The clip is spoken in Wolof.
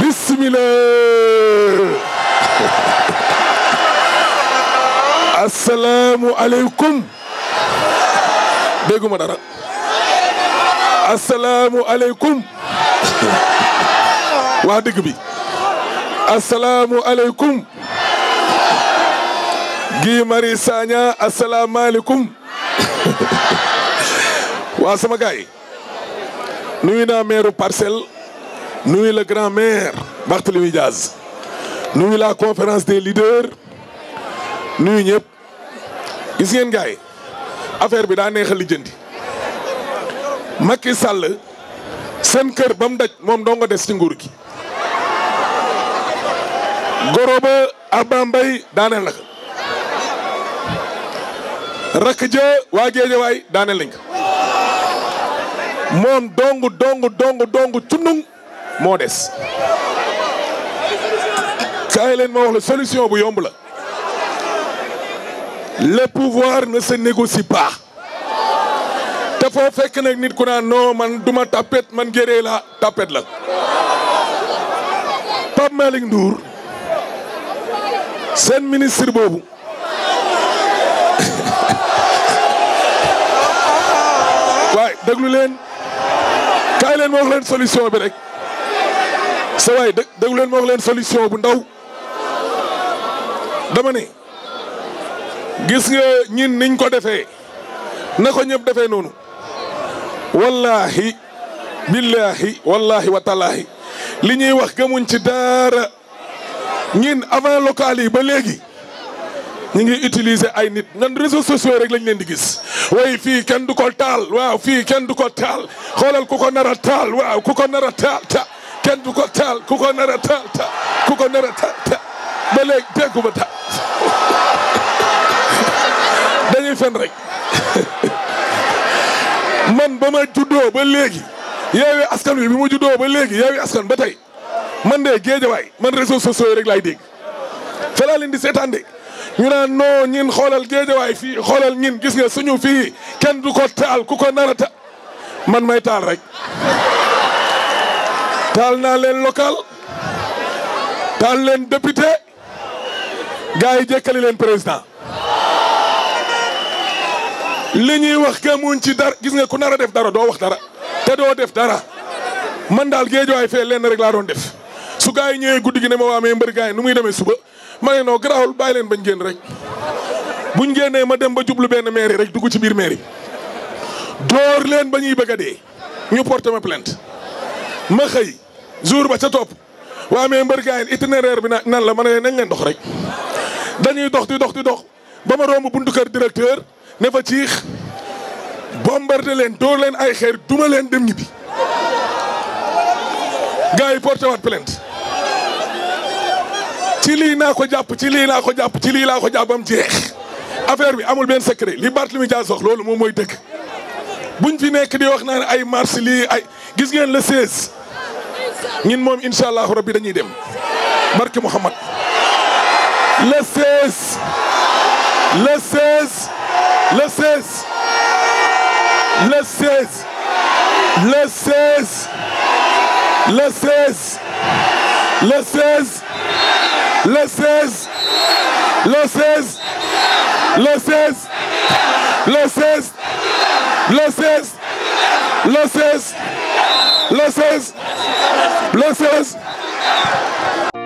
bismillah asalaamu aleykum dégguma dara asalaamu aleykum waa dëgg bi asalaamu aleykum Guy Marius Sagna asalaamu aleykum waa sama gaay nuyu na maire parcelle nuyu le grand maire Barthélémy Diaz nuyu la conférence des leaders nuyu ñëpp gis ngeen gars affaire bi daa neex a lijjanti Macky Sall seen kër ba mu daj moom doo nga des ci nguur gi goroba ba Abba Mbaye daaneel na ko rakk ja waa Géejawaay daaneel nañ ko moom dong dong dong dong cunnuŋ moo des. kaay ma wax la solution bu yomb la. le pouvoir ne se négocie pas. te foo fekk nag nit ku naan non man duma tapet man géré la tapet la. Pape Malick Ndour seen ministre boobu. waay déglu leen. kaay leen ma leen solution bi rek sa waay dé déglu leen ma leen solution bu ndaw dama ne gis nga ñin niñ ko defee na ko ñëpp defee noonu wallaahi billaahi wallaahi wa taalaahi li ñuy wax gëmuñ ci daara ñin avant local yi ba léegi ñu ngi utiliser ay nit ñun réseaux sociaux rek lañ leen di gis way fii kenn du ko taal waaw fii kenn du ko taal xoolal ku ko nar taal waaw ku ko nar a taal ta kenn du ko taal ku ko nar a taal ku ko nar a taal ta ba léegi déggu ba ta dañuy fen rek man ba ma juddoo ba léegi yeewi askan wi bi ma juddoo ba léegi yeewi askan ba tey man de géejawaay man réseaux sociaux rek laay dégg fa laa leen di seetaan de ñu naan non ñin xoolal géejawaay fii xoolal ñin gis nga suñu fii kenn du ko taal ku ko nara ta man may taal rek taal naa leen local taal leen député gars yi jékkali leen président li ñuy wax ke muñ ci dar gis nga ku nar a def dara doo wax dara te doo def dara man daal géejawaay fee leen rek laa doon def gaa yi ñëwee guddi gi ne ma waa mais mbër gars yi nu muy demee suba ma ne non garaawul bàyyi leen bañ génn rek ñu génnee ma dem ba jublu benn mairie rek dugg ci biir mairie door leen ba ñuy bëgg a dee ñu porté ma plainte ma xëy jour ba ca topp waa mais mbër gars yi itinéraire bi nan la ma ne nañ leen dox rek dañuy dox di dox di dox ba ma romb buntu kër directeur ne fa ciix bombardé leen door leen ay xeer duma leen dem ñibbi gars yi porté ci lii naa ko jàpp ci lii naa ko jàpp ci lii laa ko jàpp bam jeex affaire bi amul benn secret li Barthélemy Dias wax loolu moom mooy dëgg buñ fi nekk di wax naan ay marche lii ay gis ngeen le 16 ñun moom incha allahu rabbi dañuy dem barke Muhammad le 16 le 16 le 16 le 16 le 16 le 16 le 16 le 16 le 16 le 16 le 16